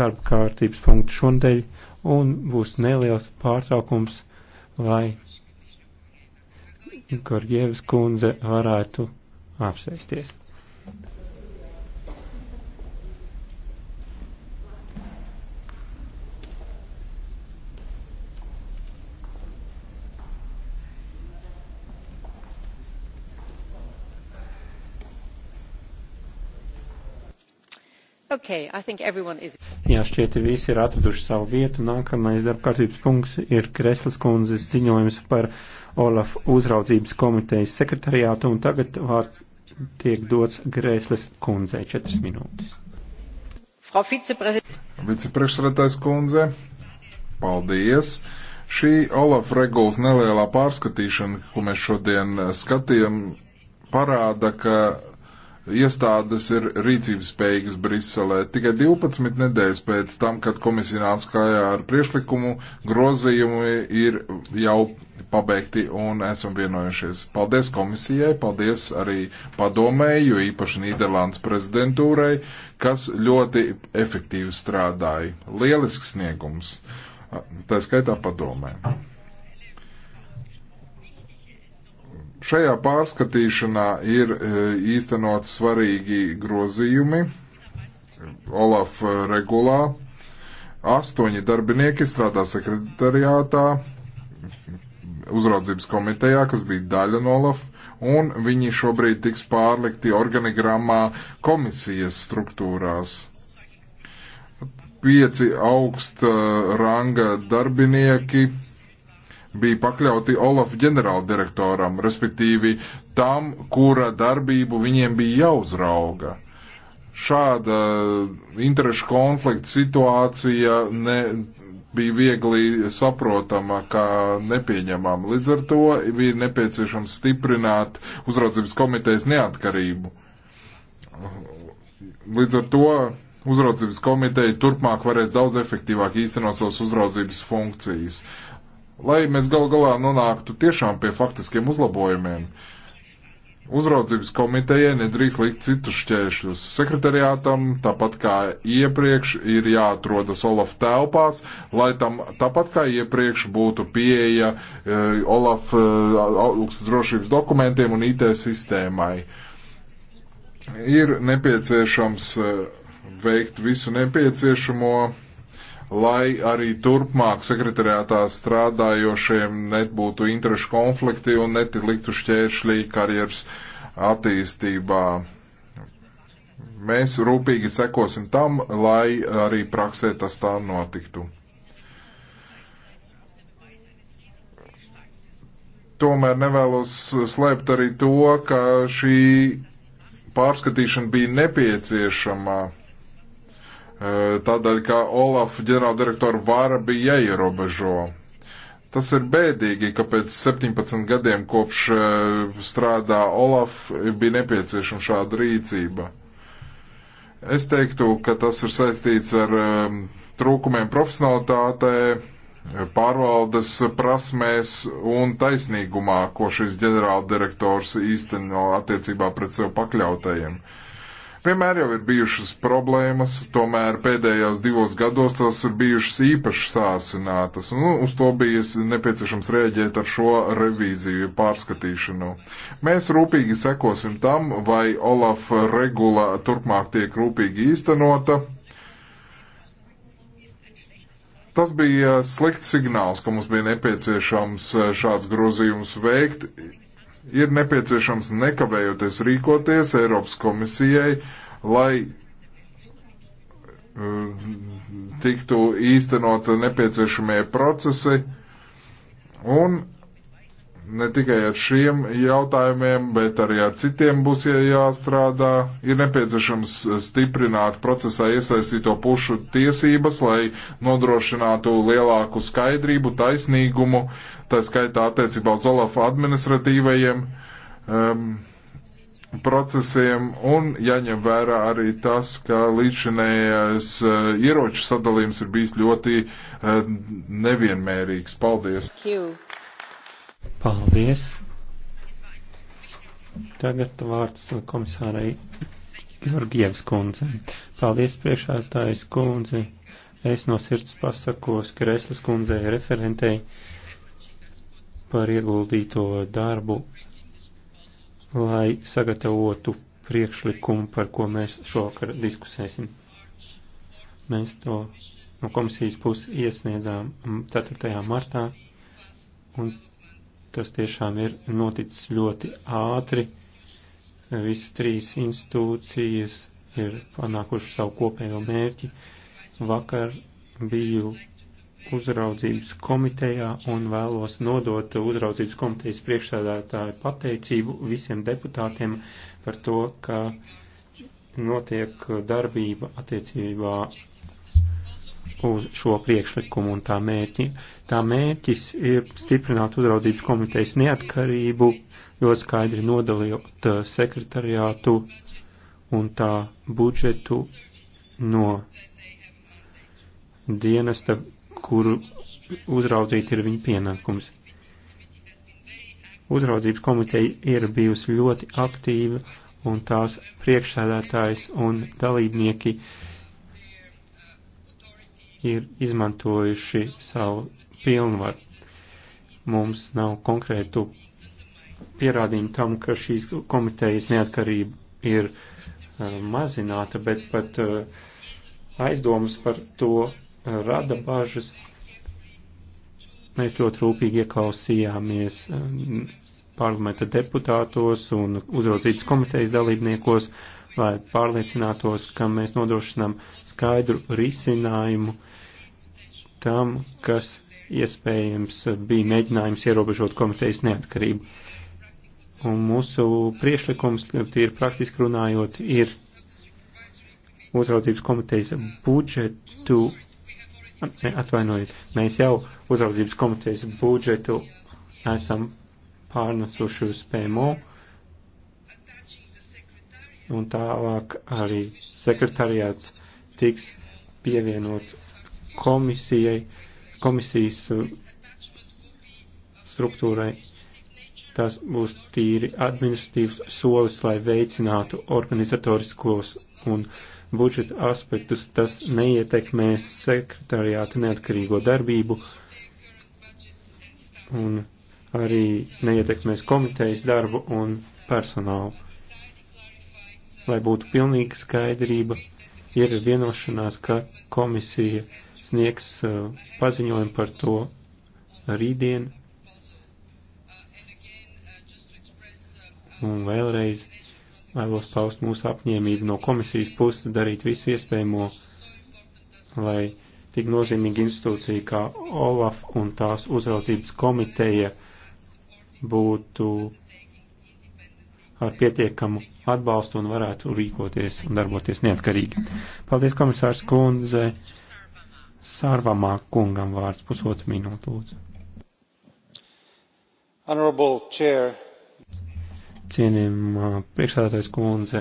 darba kārtības punktu šonadēļ, un būs neliels pārtraukums, lai Gorgievas kundze varētu apsēsties. Okay, I think everyone is. Jā, šķiet, visi ir atraduši savu vietu. Nākamais darbkārtības punkts ir Kreslas kundzes ziņojums par Olaf uzraudzības komitejas sekretariātu, un tagad vārds tiek dots Kreslas kundzei četras minūtes. Vicepriekšsredātājs kundze, paldies! Šī Olaf regulas nelielā pārskatīšana, ko mēs šodien eh, skatījām, parāda, ka iestādes ir rīcības spējīgas Briselē. Tikai 12 nedēļas pēc tam, kad komisija nāca klājā ar priešlikumu, grozījumi ir jau pabeigti un esam vienojušies. Paldies komisijai, paldies arī padomēji, jo īpaši Nīderlandes prezidentūrai, kas ļoti efektīvi strādāja. Lielisks sniegums. Tā skaitā padomē. Šajā pārskatīšanā ir e, īstenot svarīgi grozījumi Olaf e, regulā. Astoņi darbinieki strādā sekretariātā, uzraudzības komitejā, kas bija daļa no Olaf, un viņi šobrīd tiks pārlikti organigrammā komisijas struktūrās. Pieci augsta ranga darbinieki bija pakļauti Olaf ģenerāldirektoram, respektīvi tam, kura darbību viņiem bija jāuzrauga. Šāda interešu konflikta situācija ne, bija viegli saprotama, kā nepieņemama. Līdz ar to bija nepieciešams stiprināt uzraudzības komitejas neatkarību. Līdz ar to uzraudzības komiteja turpmāk varēs daudz efektīvāk īstenot savas uzraudzības funkcijas lai mēs gal galā nonāktu tiešām pie faktiskiem uzlabojumiem. Uzraudzības komitejai nedrīkst likt citus šķēršļus. Sekretariātam, tāpat kā iepriekš, ir jāatrodas Olaf telpās, lai tam tāpat kā iepriekš būtu pieeja uh, Olaf uh, augstas drošības dokumentiem un IT sistēmai. Ir nepieciešams uh, veikt visu nepieciešamo lai arī turpmāk sekretariātā strādājošiem nebūtu interešu konflikti un netiktu šķēršļi karjeras attīstībā. Mēs rūpīgi sekosim tam, lai arī praksē tas tā notiktu. Tomēr nevēlos slēpt arī to, ka šī pārskatīšana bija nepieciešama tādēļ, ka Olaf ģenerāldirektora vara bija jāierobežo. Tas ir bēdīgi, ka pēc 17 gadiem kopš strādā Olaf bija nepieciešama šāda rīcība. Es teiktu, ka tas ir saistīts ar trūkumiem profesionalitātē, pārvaldes prasmēs un taisnīgumā, ko šis ģenerāldirektors īsteno attiecībā pret sev pakļautajiem. Uh, Vienmēr jau ir bijušas problēmas, tomēr pēdējos divos gados tās ir bijušas īpaši sāsinātas. Nu, uz to bija nepieciešams rēģēt ar šo revīziju pārskatīšanu. Mēs rūpīgi sekosim tam, vai Olaf regula turpmāk tiek rūpīgi īstenota. Tas bija slikts signāls, ka mums bija nepieciešams šāds grozījums veikt ir nepieciešams nekavējoties rīkoties Eiropas komisijai, lai uh, tiktu īstenot nepieciešamie procesi un ne tikai ar šiem jautājumiem, bet arī ar citiem būs jāstrādā. Ir nepieciešams stiprināt procesā iesaistīto pušu tiesības, lai nodrošinātu lielāku skaidrību, taisnīgumu, tā skaitā attiecībā uz Olafa administratīvajiem um, procesiem un jaņem vērā arī tas, ka līdzinējais uh, ieroču sadalījums ir bijis ļoti uh, nevienmērīgs. Paldies! Q. Paldies! Tagad vārds komisārai Georgievs kundze. Paldies priekšētājs kundze. Es no sirds pasakos Kreslas kundzei referentei par ieguldīto darbu, lai sagatavotu priekšlikumu, par ko mēs šokar diskusēsim. Mēs to no komisijas puses iesniedzām 4. Mm, martā, un Tas tiešām ir noticis ļoti ātri. Visas trīs institūcijas ir panākuši savu kopējo mērķi. Vakar biju uzraudzības komitejā un vēlos nodot uzraudzības komitejas priekšsēdētāju pateicību visiem deputātiem par to, ka notiek darbība attiecībā uz šo priekšlikumu un tā mērķi. Tā mērķis ir stiprināt uzraudzības komitejas neatkarību, ļoti skaidri nodalīt eh, sekretariātu un tā budžetu no dienesta, kuru uzraudzīt ir viņa pienākums. Uzraudzības komiteja ir bijusi ļoti aktīva un tās priekšsēdētājs un dalībnieki uh, ir izmantojuši savu pilnvaru. Mums nav konkrētu pierādījumu tam, ka šīs komitejas neatkarība ir uh, mazināta, bet pat uh, aizdomas par to uh, rada bažas. Mēs ļoti rūpīgi ieklausījāmies um, parlamenta deputātos un uzraudzības komitejas dalībniekos, lai pārliecinātos, ka mēs nodrošinām skaidru risinājumu uh, tam, kas iespējams bija mēģinājums ierobežot komitejas neatkarību. Un mūsu priešlikums, tīri praktiski runājot, ir uzraudzības komitejas budžetu, ne, atvainojiet, mēs jau uzraudzības komitejas budžetu esam pārnesuši uz PMO, un tālāk arī sekretariāts tiks pievienots komisijai, komisijas eh, struktūrai. Tas būs tīri administratīvs solis, lai veicinātu organizatoriskos un budžeta aspektus. Tas neietekmēs sekretariāta neatkarīgo darbību un arī neietekmēs komitejas darbu un personālu. Lai būtu pilnīga skaidrība ir vienošanās, ka komisija sniegs uh, paziņojumu par to rītdien. Un vēlreiz vēlos paust mūsu apņēmību no komisijas puses darīt visu iespējamo, lai tik nozīmīga institūcija kā OLAF un tās uzraudzības komiteja būtu ar pietiekamu atbalstu un varētu rīkoties un darboties neatkarīgi. Paldies, komisārs Kundze. Sārvamā kungam vārds pusotru minūtu lūdzu. Cienījumā priekšsādātais kundze,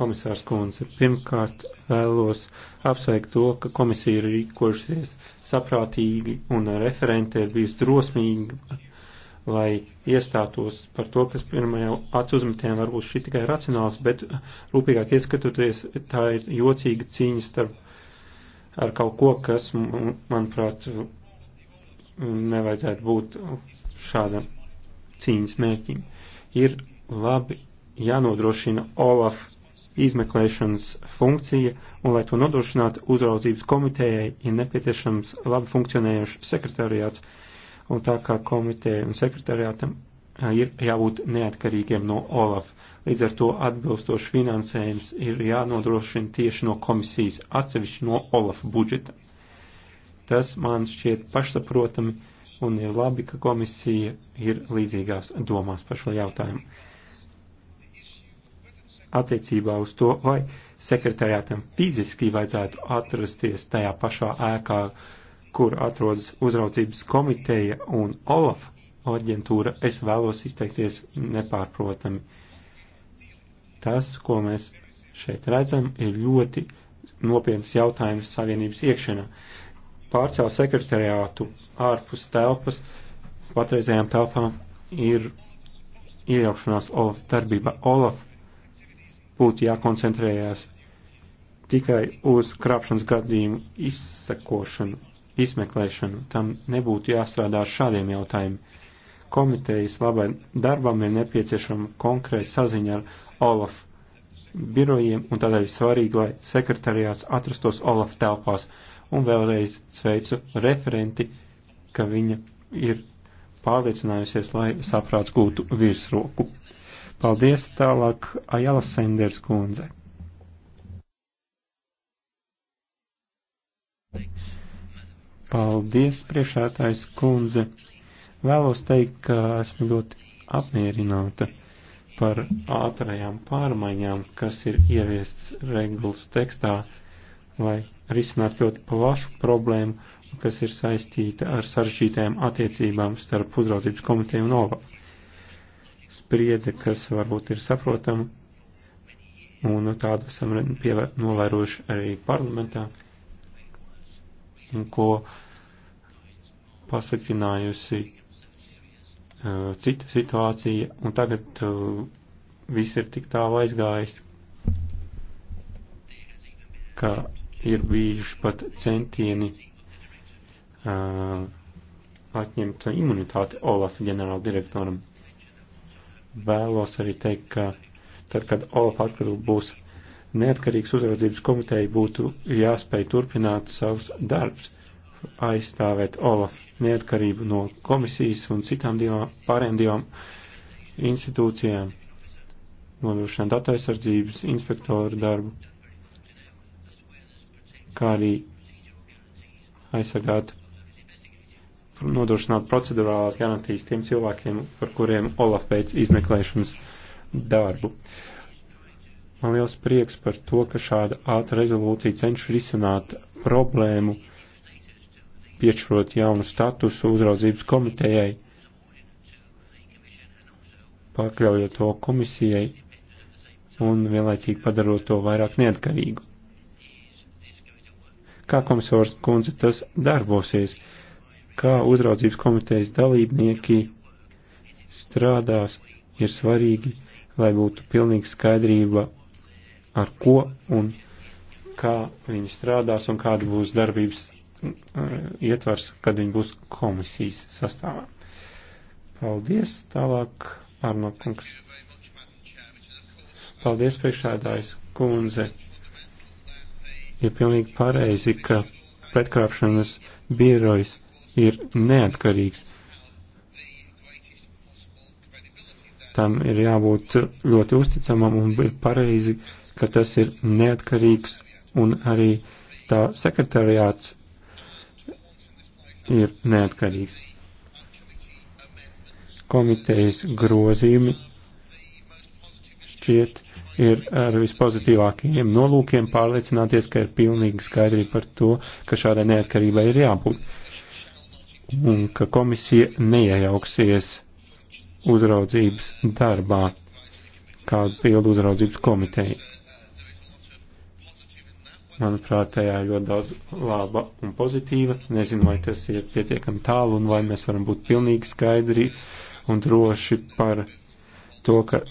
komisārs kundze, pirmkārt vēlos apsveikt to, ka komisija ir rīkojušies saprātīgi un referente ir bijusi drosmīga lai iestātos par to, kas pirmajā acuzmetienā varbūt šī tikai racionāls, bet eh, rūpīgāk ieskatoties, tā ir jocīga cīņa starp ar kaut ko, kas, manuprāt, nevajadzētu būt šāda cīņas mērķim. Ir labi jānodrošina Olaf izmeklēšanas funkcija, un, lai to nodrošinātu, uzraudzības komitejai ir nepieciešams labi funkcionējošs sekretariāts, un tā kā komiteja un sekretariātam ir jābūt neatkarīgiem no OLAF. Līdz ar to atbilstoši finansējums ir jānodrošina tieši no komisijas, atsevišķi no OLAF budžeta. Tas man šķiet pašsaprotami un ir labi, ka komisija ir līdzīgās domās par šo jautājumu. Attiecībā uz to, vai sekretariātam fiziski vajadzētu atrasties tajā pašā ēkā, uh, kur atrodas uzraudzības komiteja un OLAF aģentūra, es vēlos izteikties nepārprotami. Tas, ko mēs šeit redzam, ir ļoti nopietns jautājums Savienības iekšienā. Pārcelt sekretariātu ārpus telpas, patreizējām telpām, ir iejaukšanās OLAF darbība. OLAF būtu jākoncentrējās tikai uz krāpšanas gadījumu izsekošanu izmeklēšanu. Tam nebūtu jāstrādā ar šādiem jautājumiem. Komitejas labai darbam ir nepieciešama konkrēta saziņa ar Olaf birojiem, un tādēļ svarīgi, lai sekretariāts atrastos Olaf telpās. Un vēlreiz sveicu referenti, ka viņa ir pārliecinājusies, lai saprāts gūtu virsroku. Paldies tālāk Ajala Senders kundze. Paldies, priekšētājs kundze. Vēlos teikt, ka esmu ļoti apmierināta par ātrajām pārmaiņām, kas ir ieviests regulas tekstā, lai risinātu ļoti plašu problēmu, kas ir saistīta ar sarežģītām attiecībām starp uzraudzības komiteju un OVA. Spriedze, kas varbūt ir saprotama, un tādu esam novērojuši arī parlamentā, un ko uh, pasliktinājusi uh, citu situāciju, un tagad uh, viss ir tik tālu aizgājis, ka ir bijuši pat centieni uh, atņemt imunitāti Olaf ģenerāldirektoram. Vēlos arī teikt, ka tad, kad Olaf atkal būs neatkarīgs uzraudzības komiteja, būtu jāspēj turpināt savus darbus aizstāvēt Olaf neatkarību no komisijas un citām divām pārējām divām institūcijām, nodrošināt datu aizsardzības inspektoru darbu, kā arī aizsargāt, nodrošināt procedurālās garantijas tiem cilvēkiem, par kuriem Olaf veic izmeklēšanas darbu. Man liels prieks par to, ka šāda ātra rezolūcija cenš risināt problēmu piešķirot jaunu statusu uzraudzības komitejai, pakļaujot to komisijai un vienlaicīgi padarot to vairāk neatkarīgu. Kā komisors kundze tas darbosies? Kā uzraudzības komitejas dalībnieki strādās, ir svarīgi, lai būtu pilnīga skaidrība, ar ko un kā viņi strādās un kāda būs darbības ietvars, kad viņi būs komisijas sastāvā. Paldies, tālāk Arno kungs. Paldies, priekšādājs kundze. Ir pilnīgi pareizi, ka pretkrāpšanas birojs ir neatkarīgs. Tam ir jābūt ļoti uzticamam un ir pareizi, ka tas ir neatkarīgs un arī tā sekretariāts ir neatkarīgs. Komitejas grozījumi šķiet ir ar vispozitīvākajiem nolūkiem pārliecināties, ka ir pilnīgi skaidrība par to, ka šādai neatkarībai ir jābūt un ka komisija neiejauksies uzraudzības darbā, kādu pildu uzraudzības komiteju. Manuprāt, tajā ir ļoti daudz laba un pozitīva. Nezinu, vai tas ir pietiekami tālu un vai mēs varam būt pilnīgi skaidri un droši par to, ka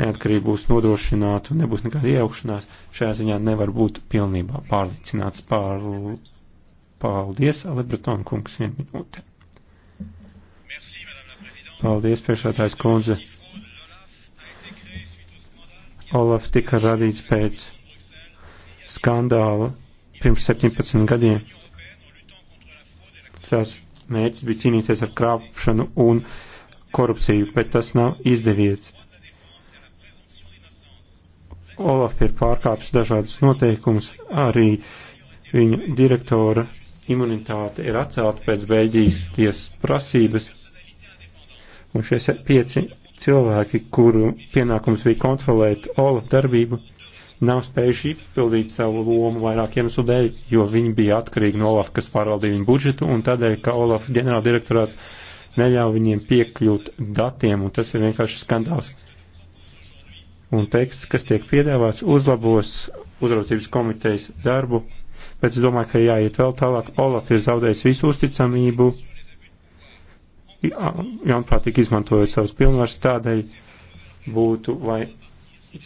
neatkarība būs nodrošināta un nebūs nekāda iejaukšanās. Šajā ziņā nevar būt pilnībā pārliecināts pār. Paldies, Alebreton kungs, vien minūte. Paldies, priekšētājs kundze. Olaf tika radīts pēc skandāla pirms 17 gadiem. Tās mērķis bija cīnīties ar krāpšanu un korupciju, bet tas nav izdevies. Olaf ir pārkāpis dažādas noteikumus, arī viņa direktora imunitāte ir atcelta pēc Beļģijas tiesas prasības. Un šie pieci cilvēki, kuru pienākums bija kontrolēt Olaf darbību, nav spējuši izpildīt savu lomu vairāk iemeslu dēļ, jo viņi bija atkarīgi no Olafa, kas pārvaldīja viņu budžetu, un tādēļ, ka Olafa ģenerāldirektorāts neļauj viņiem piekļūt datiem, un tas ir vienkārši skandāls. Un teksts, kas tiek piedāvāts, uzlabos uzraudzības komitejas darbu, bet es domāju, ka jāiet vēl tālāk. Olaf ir zaudējis visu uzticamību, jaunprātīgi izmantojot savus pilnvars, tādēļ būtu vai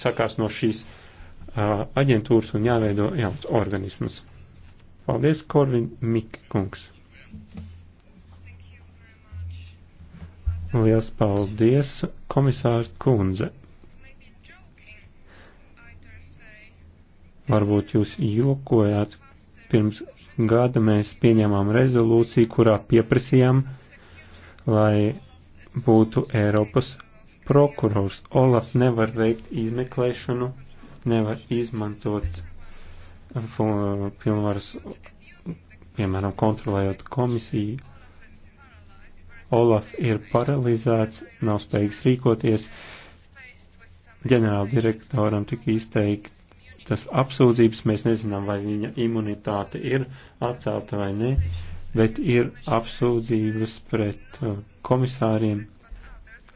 sakās no šīs aģentūras un jāveido jauns organismas. Paldies, Korvin Mikkungs. Liels paldies, komisārs Kunze. Varbūt jūs jokojāt, pirms gada mēs pieņēmām rezolūciju, kurā pieprasījām, lai būtu Eiropas prokurors. Olaf nevar veikt izmeklēšanu nevar izmantot uh, uh, pilnvaras, piemēram, kontrolējot komisiju. Olaf ir paralizēts, nav spējīgs rīkoties. Ģenerāla direktoram tika izteiktas apsūdzības, mēs nezinām, vai viņa imunitāte ir atcelta vai ne, bet ir apsūdzības pret uh, komisāriem,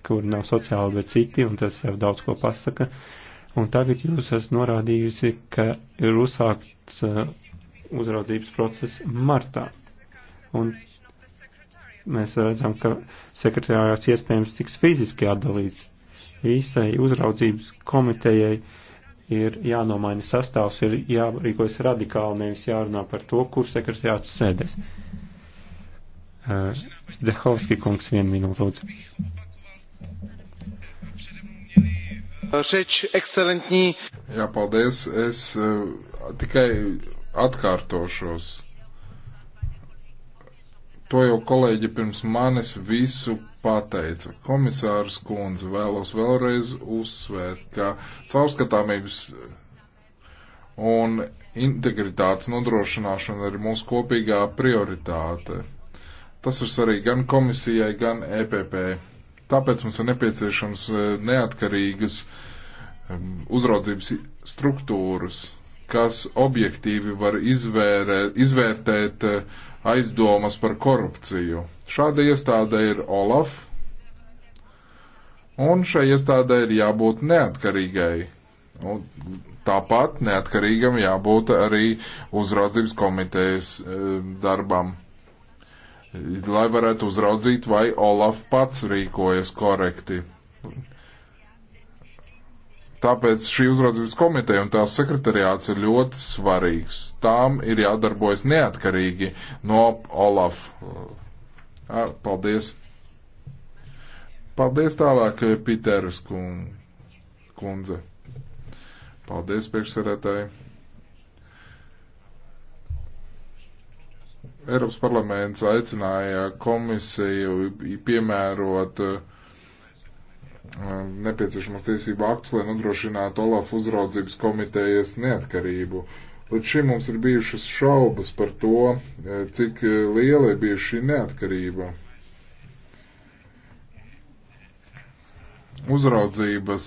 kur nav sociāli, bet citi, un tas jau daudz ko pasaka. Uh, Un tagad jūs esat norādījusi, ka ir uzsākts uh, uzraudzības process martā. Un mēs redzam, ka sekretārāts iespējams tiks fiziski atdalīts. Visai uzraudzības komitejai ir jānomaina sastāvs, ir jārīkojas radikāli, nevis jārunā par to, kur sekretārāts sēdēs. Uh, Zdehovski kungs, vienu minūtu lūdzu. Šeč ekscelentņī. Jā, paldies. Es uh, tikai atkārtošos. To jau kolēģi pirms manis visu pateica. Komisārs Kunze vēlos vēlreiz uzsvērt, ka caurskatāmības un integritātes nodrošināšana ir mūsu kopīgā prioritāte. Tas ir svarīgi gan komisijai, gan EPP. Tāpēc mums ir nepieciešams eh, neatkarīgas uh, uzraudzības struktūras, kas objektīvi var izvērē, izvērtēt eh, aizdomas par korupciju. Šāda iestāde ir OLAF, un šai iestādē ir jābūt neatkarīgai. Un tāpat neatkarīgam jābūt arī uzraudzības komitejas darbam, lai varētu uzraudzīt, vai Olaf pats rīkojas korekti. Tāpēc šī uzraudzības komiteja un tās sekretariāts ir ļoti svarīgs. Tām ir jādarbojas neatkarīgi no Olaf. Paldies. Paldies tālāk, Piteras kundze. Paldies, priekšsēdētāji. Eiropas parlaments aicināja komisiju piemērot uh, nepieciešamos tiesību aktus, lai nodrošinātu Olaf uzraudzības komitejas neatkarību. Līdz šim mums ir bijušas šaubas par to, cik liela ir bijusi šī neatkarība. Uzraudzības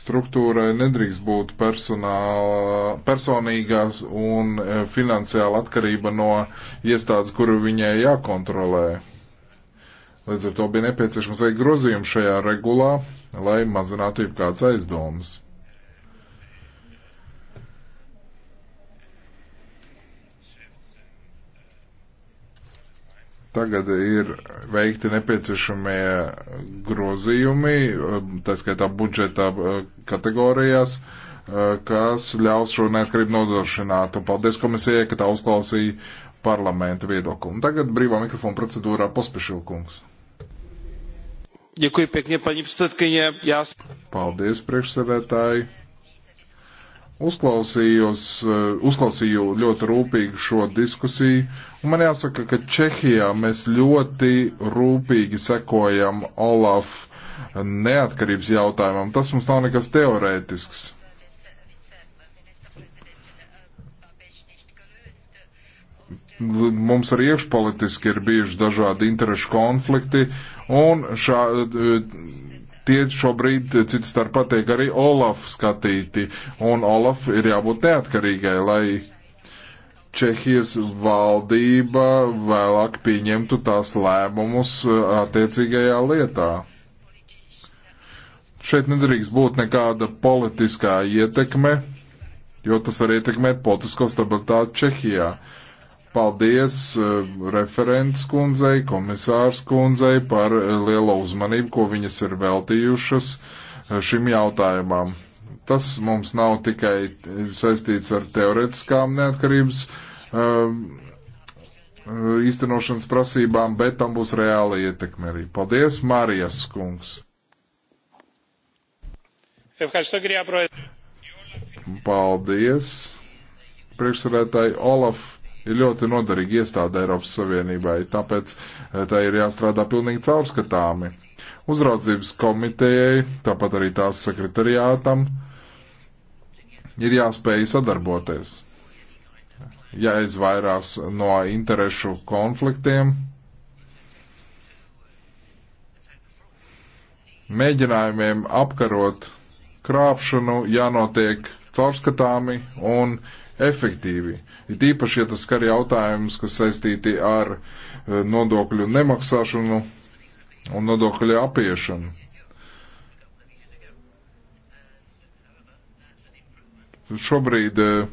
struktūrai nedrīkst būt personīgā un finansiāla atkarība no iestādes, kuru viņai jākontrolē. Līdz ar to bija nepieciešams veikt grozījumu šajā regulā, lai mazinātu jau kāds aizdomas. tagad ir veikti nepieciešamie grozījumi, tā skaitā budžeta eh, kategorijās, eh, kas ļaus šo neatkarību nodrošināt. Un paldies komisijai, ka tā uzklausīja parlamenta viedokli. Un tagad brīvā mikrofona procedūrā pospešilkums paņi Jās... Paldies, priekšsēdētāji. Uzklausījos, eh, uzklausīju ļoti rūpīgi šo diskusiju, un man jāsaka, ka Čehijā mēs ļoti rūpīgi sekojam Olaf neatkarības jautājumam. Tas mums nav nekas teorētisks. Mums arī iekšpolitiski ir bijuši dažādi interešu konflikti, uh, Un šā, tie šobrīd citu starp pateikt arī Olaf skatīti. Un Olaf ir jābūt neatkarīgai, lai Čehijas valdība vēlāk pieņemtu tās lēmumus uh, attiecīgajā lietā. Šeit nedrīkst būt nekāda politiskā ietekme, jo tas var ietekmēt politisko stabilitāti Čehijā. Uh, Paldies uh, referents kundzei, komisārs kundzei par eh, lielo uzmanību, ko viņas ir veltījušas eh, šim jautājumam. Tas mums nav tikai saistīts ar teoretiskām neatkarības uh, īstenošanas prasībām, bet tam būs reāla ietekme arī. Paldies, Marijas kungs! Paldies, priekšsēdētāji Olaf ir ļoti noderīga iestāde Eiropas Savienībai, tāpēc eh, tā ir jāstrādā pilnīgi caurskatāmi. Uzraudzības komitejai, tāpat arī tās sekretariātam, ir jāspēj sadarboties, jāizvairās no interešu konfliktiem, mēģinājumiem apkarot krāpšanu, jānotiek caurskatāmi un uh, efektīvi. It īpaši, ja tas skar jautājums, kas saistīti ar eh, nodokļu nemaksāšanu un nodokļu apiešanu. Šobrīd eh,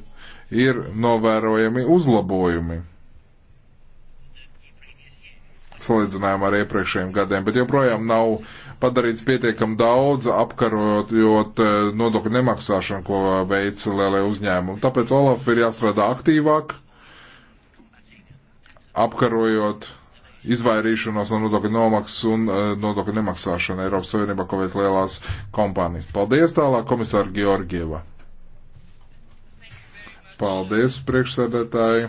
ir novērojami uzlabojumi salīdzinājumā ar iepriekšējiem gadiem, bet joprojām nav padarīts pietiekam daudz apkarojot eh, nodokļu nemaksāšanu, ko veic lielie uzņēmumi. Tāpēc Olaf ir jāstrādā aktīvāk, apkarojot izvairīšanos no nodokļu nomaksas un eh, nodokļu nemaksāšanu Eiropas Savienībā, ko veic lielās kompānijas. Paldies tālāk, komisāra Georgieva. Paldies, priekšsēdētāji.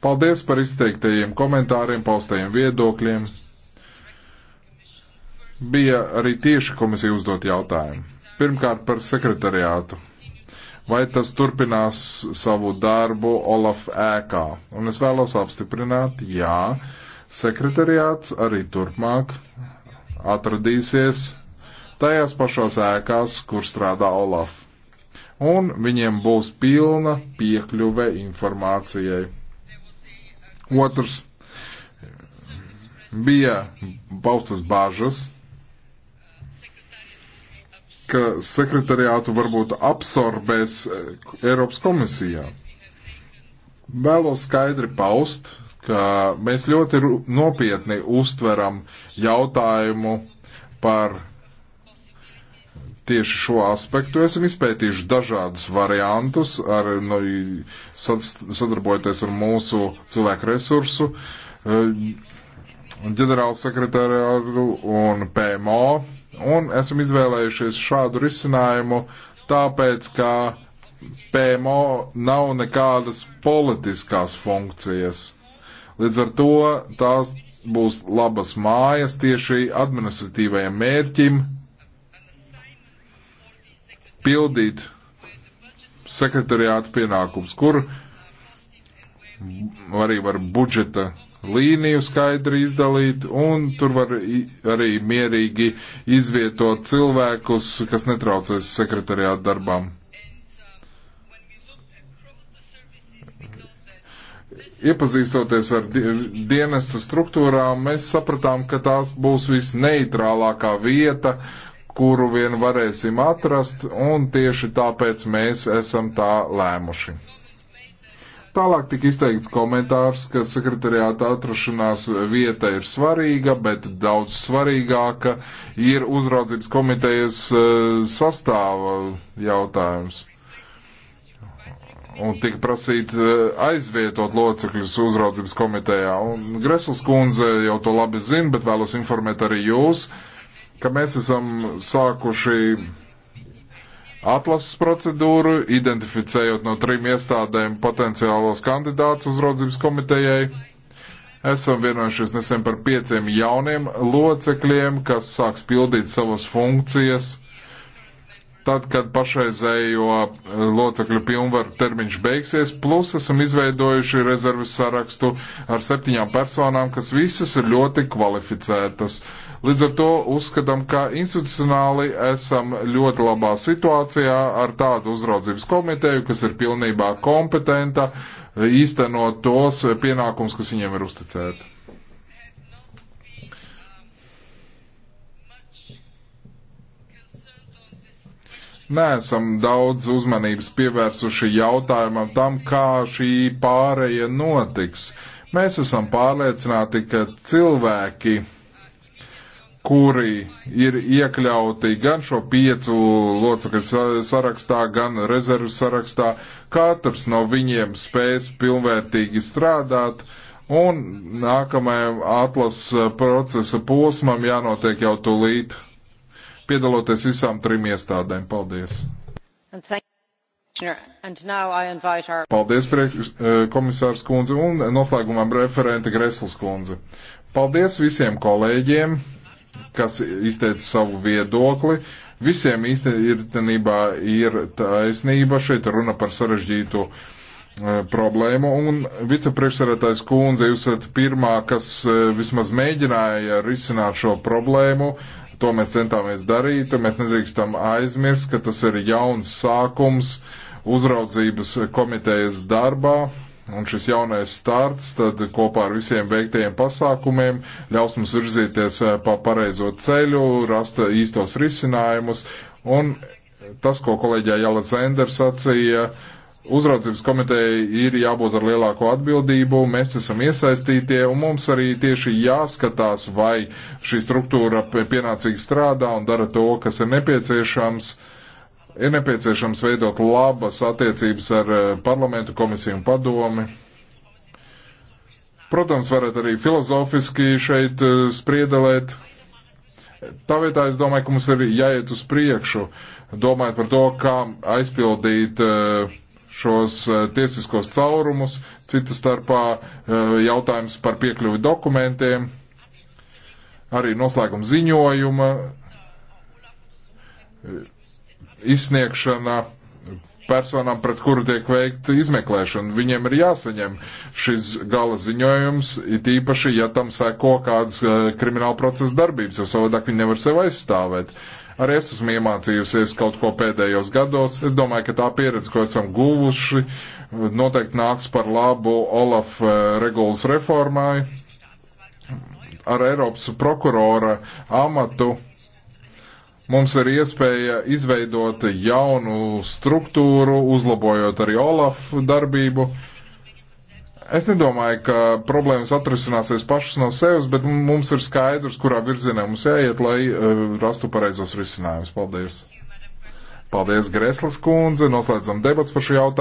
Paldies par izteiktajiem komentāriem, paustajiem viedokļiem. Bija arī tieši komisija uzdot jautājumu. Pirmkārt par sekretariātu. Vai tas turpinās savu darbu Olaf ēkā? Un es vēlos apstiprināt, jā, sekretariāts arī turpmāk atradīsies tajās pašās ēkās, kur strādā Olaf. Un viņiem būs pilna piekļuve informācijai Otrs bija baustas bāžas, ka sekretariātu varbūt absorbēs eh, Eiropas komisijā. Vēlos skaidri paust, ka mēs ļoti nopietni uztveram jautājumu par tieši šo aspektu esam izpētījuši dažādus variantus, ar, no, nu, sadarbojoties ar mūsu cilvēku resursu eh, ģenerālu sekretāru un PMO, un esam izvēlējušies šādu risinājumu tāpēc, ka PMO nav nekādas politiskās funkcijas. Līdz ar to tās būs labas mājas tieši administratīvajam mērķim, pildīt sekretariāta pienākums, kur arī var budžeta līniju skaidri izdalīt, un tur var arī mierīgi izvietot cilvēkus, kas netraucēs sekretariāta darbām. Iepazīstoties ar dienesta struktūrām, mēs sapratām, ka tās būs visneitrālākā vieta uh, kuru vien varēsim atrast, un tieši tāpēc mēs esam tā lēmuši. Tālāk tika izteikts komentārs, ka sekretariāta atrašanās vieta ir svarīga, bet daudz svarīgāka ir uzraudzības komitejas e, sastāva jautājums. Un tika prasīt e, aizvietot locekļus uzraudzības komitejā. Un Gresls kundze jau to labi zina, bet vēlos informēt arī jūs, uh, ka mēs esam sākuši atlases procedūru, identificējot no trim iestādēm potenciālos kandidātus uzraudzības komitejai. Esam vienojušies nesen par pieciem jauniem locekļiem, kas sāks pildīt savas funkcijas. Tad, kad pašreizējo locekļu pilnvaru termiņš beigsies, plus esam izveidojuši rezerves sarakstu ar septiņām personām, kas visas ir ļoti kvalificētas. Uh, Līdz ar to uzskatām, ka institucionāli esam ļoti labā situācijā ar tādu uzraudzības komiteju, kas ir pilnībā kompetenta īstenot tos pienākums, kas viņiem ir uzticēti. neesam daudz uzmanības pievērsuši jautājumam tam, kā šī pāreja notiks. Mēs esam pārliecināti, ka cilvēki kuri ir iekļauti gan šo piecu locekļu sarakstā, gan rezervu sarakstā. Katrs no viņiem spēs pilnvērtīgi strādāt, un nākamajam atlases procesa posmam jānotiek jau tūlīt, piedaloties visām trim iestādēm. Paldies! Paldies, priekš, eh, komisārs kundze, un noslēgumam referente Gresls kundze. Paldies visiem kolēģiem! kas izteica savu viedokli. Visiem īstenībā ir taisnība, šeit runa par sarežģītu uh, problēmu, un vicepriekšsarētājs kundze, jūs esat pirmā, kas uh, vismaz mēģināja risināt šo problēmu, to mēs centāmies darīt, mēs nedrīkstam aizmirst, ka tas ir jauns sākums uzraudzības komitejas darbā, Un šis jaunais starts tad kopā ar visiem veiktajiem pasākumiem ļaus mums virzīties eh, pa pareizo ceļu, rast īstos risinājumus. Un tas, ko kolēģijā Jala Zender sacīja, uzraudzības komiteja ir jābūt ar lielāko atbildību, mēs esam iesaistītie un mums arī tieši jāskatās, vai šī struktūra pienācīgi strādā un dara to, kas ir nepieciešams. Uh, Ir nepieciešams veidot labas attiecības ar eh, parlamentu komisiju un padomi. Protams, varat arī filozofiski šeit eh, spriedelēt. Tā vietā es domāju, ka mums ir jāiet uz priekšu, domājot par to, kā aizpildīt eh, šos tiesiskos caurumus, cita starpā jautājums par piekļuvi dokumentiem, arī noslēguma ziņojuma izsniegšana personām, pret kuru tiek veikta izmeklēšana. Viņiem ir jāsaņem šis gala ziņojums, it īpaši, ja tam seko kādas eh, krimināla procesa darbības, jo savādāk viņi nevar sevi aizstāvēt. Arī es esmu iemācījusies kaut ko pēdējos gados. Es domāju, ka tā pieredze, ko esam guvuši, noteikti nāks par labu Olaf eh, regulas reformai. Ar Eiropas prokurora amatu Mums ir iespēja izveidot jaunu struktūru, uzlabojot arī Olaf darbību. Es nedomāju, ka problēmas atrisināsies pašas no sevis, bet mums ir skaidrs, kurā virzienā mums jāiet, lai uh, rastu pareizos risinājumus. Paldies! Paldies, Greslas kundze! Noslēdzam debats par šo jautājumu.